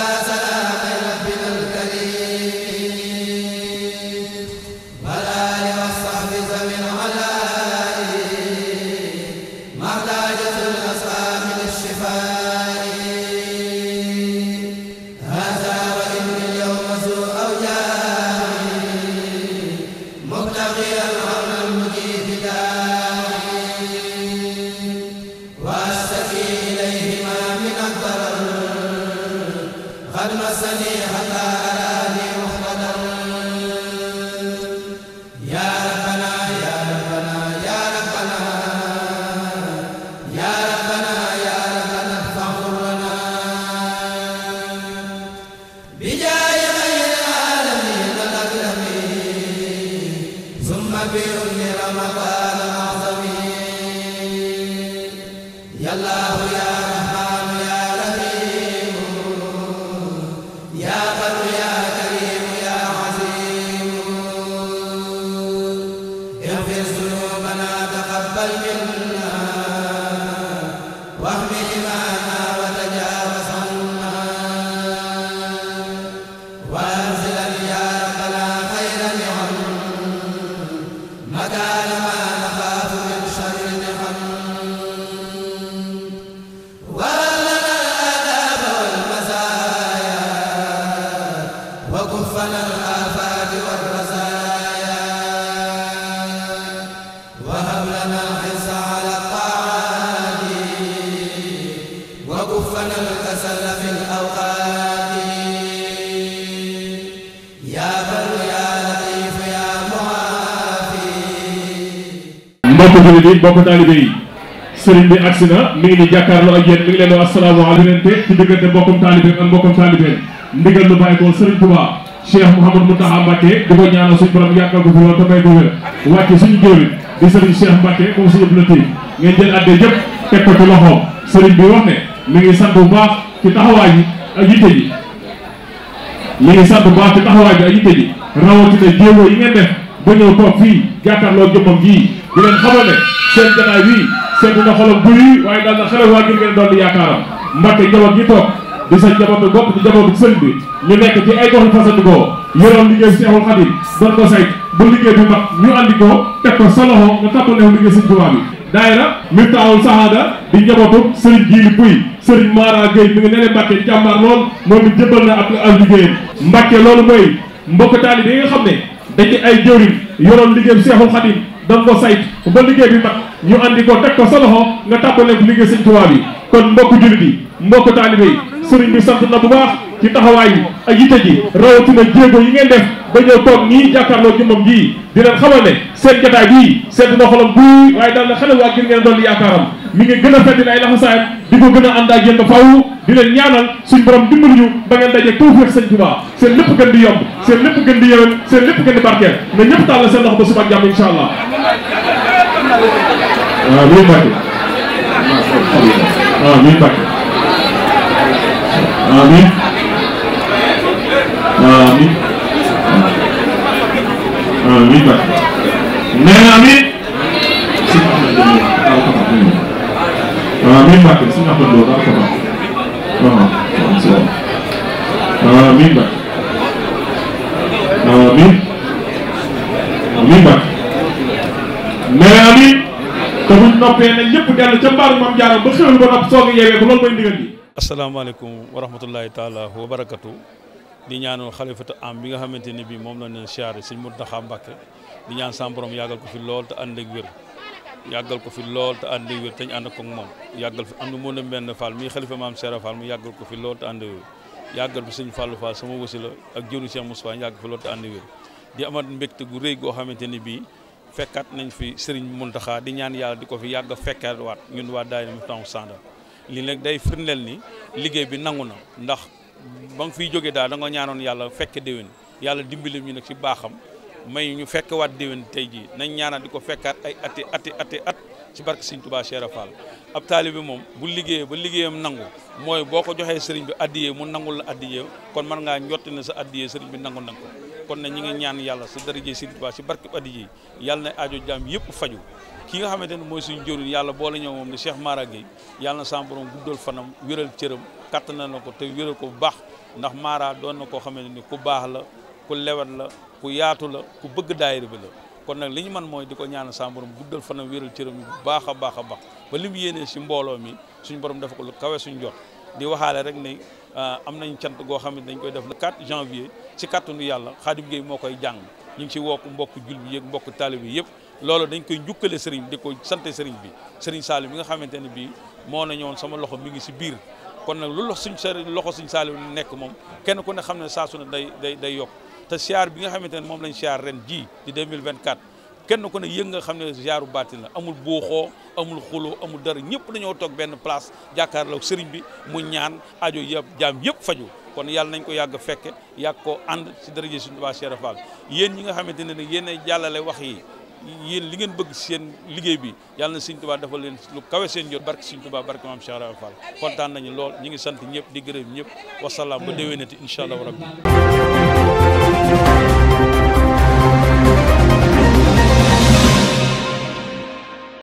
ala المسني وكفنا الآفات والرزايا وهب لنا الحرص على الطاعات وكفنا الكسل في الأوقات يا بر يا لطيف يا معافي mbokk jullit yi mbokk taalibe yi sëriñ bi agsi na mi ngi ni jàkkaarloo ak yéen mi ngi leen di asalaamaaleykum ci diggante mbokkum taalibe ak mbokkum taalibe ndigal lu bàyyi ko Serigne Touba Cheikh Mouhamadou Mountakha Mbacké di ko ñaanal suñu borom yàggal ko fi lool te may ko wér wàcce suñu jëwriñ di Serigne Cheikh Mbacké moom suñu platif ngeen jël adde yëpp teg ko ci loxoom Serigne bi wax ne mi ngi sant bu baax ci taxawaay yi ak yitte ji mi ci taxawaay bi ak yitte ji rawatina jéego yi ngeen def ba ñëw toog fii jàkkaarloo jëmmam gii di leen xamal ne seen jataay bii seetlu na xolam bu yi waaye daal na xelal waa ngir ngeen doon di yaakaaram Mbacké di sa njabootu bopp di njabootu sëñ bi ñu nekk ci ay gox yu fasantikoo yoroon liggéey Seexul Xadim doon ko sayt bu liggéey bi mag ñu andi ko teg ko sa loxo nga tàmbalee liggéey sëñ Tuubaa bi daayira Miftaahul Sahaada di njabootu Serigne Djili Pouy Serigne Mara Gueye yi ko sayt ba bi mag ñu andi ko teg ko sa loxo nga tàmbalee liggéey sëñ Tuubaa bi kon mbokk jullit yi mbokk taalibe sëriñ bi sant na bu baax ci taxawaay yi ak yite ji rawatina jéego yi ngeen def ba ñëw toog nii jàkkaarloo jëmmam jii di leen xamal ne seen jataay bii seet na xolam buy waaye daal na xale waa ngeen dolli yaakaaram mi ngi gën a fedd di ay laxasaayam di ko gën a ànd ak yéen ba faaw di leen ñaanal suñ borom dimbali ñu ba ngeen daje tawfeex sëñ Tuubaa seen lépp di yomb seen lépp gën di yewén seen lépp gën di barkeel na ñëpp tàll seen loxo ba suba jàmm incha آمين آمين آمين بقى نعم آمين سبحان الله آمين بقى سبحان الله آمين بقى آمين آمين بقى نعم آمين te bu ñu noppee ne ñëpp dellu ca mbaaru Maam Jaara ba xewal ba nopp soog a yeewee ba loolu mooy ndigal yi asalaamaaleykum wa rahmatullahi taala wa di ñaanal xalifatu am bi nga xamante ni bii moom la leen siyaare sëñ Muntaxa Mbàkke di ñaan sam borom yàggal ko fi lool te ànd ak wér yàggal ko fi lool te ànd ak wér moom yàggal fi am na mën a benn Fall mii xalifa maam Seera Fall mu yàggal ko fi lool te ànd ak wér yàggal fi sëñ Fallou wasi la ak jëru Cheikh Moussa yàgg fi lool te ànd ak wér di amat mbégte gu rëy goo xamante ni bii fekkaat nañ fi sëriñ bu mun taxaa di ñaan yàlla di ko fi yàgg fekkaat waat ñun waa daayira Miftahoul lii nag day firndeel ni liggéey bi nangu na ndax ba nga fiy jógee daal da nga ñaanoon yàlla fekk déwén yàlla dimbali ñu nag ci baaxam may ñu fekk waat déwén tey jii nañ ñaanaat di ko fekkaat ay ati ati ati at ci barke Sëriñ Tuubaa Cheikh Fall ab taalibe moom bu liggéeyee ba liggéeyam nangu mooy boo ko joxee sëriñ bi addiyee mu nangul la addiyee kon mën ngaa njotti na sa addiyee sëriñ bi nangu nang ko kon na ñi ngi ñaan yàlla sa daraje Sëriñ Tuubaa si barkeb addi ji yàlla na aajo jaam yëpp faju ki nga xamante ne mooy suñ jëriñ yàlla boole ñëw moom ni Cheikh Mara Gueye yàlla na sa borom guddal fanam wéral cëram kattanal na ko te wéral ko bu baax ndax Mara doon na koo xamante ni ku baax la ku lewet la ku yaatu la ku bëgg daayira bi la kon nag li ñu man mooy di ko ñaanal sa borom guddal fanam wéral cëram bu baax a baax a baax ba li mu si mbooloo mi suñu borom dafa ko lu kawe suñu jot di waxaale rek ne euh, am nañ cant goo xam ne dañ koy def le 4 janvier ci kàttanu yàlla Khadim Gueye moo koy jàng ñu ngi ci wokk mbokk jul bi yëpp mbokk taalib yi yëpp loolu dañ koy njukkale sëriñ di ko sante sëriñ bi sëriñ Saliou bi nga xamante ne bii moo na ñëwoon sama loxo mi ngi si biir kon nag lu lox suñ sëriñ loxo suñ Saliou nekk moom kenn ku ne xam ne saasu su ne day day day yokk te siyaar bi nga xamante ne moom lañ siyaar ren ji di 2024 kenn ko ne yëg nga xam ne ziaru baatin la amul booxoo amul xuloo amul dara ñëpp dañoo toog benn place jàkkaarloo sëriñ bi mu ñaan ajo yëpp jaam yëpp faju kon yàlla nañ ko yàgg fekk yàgg ko ànd si daraje suñu Tuubaa Cheikh Fall yéen ñi nga xamante ne nag yéen ay jàllale wax yi yéen li ngeen bëgg seen liggéey bi yàlla na Sëriñ Tuubaa dafa leen lu kawe seen jot barke Sëriñ tubaa barke maam Cheikh Fall kontaan nañu lool ñi ngi sant ñëpp di gërëm ñëpp wasalaam ba déwénati incha allah rabbi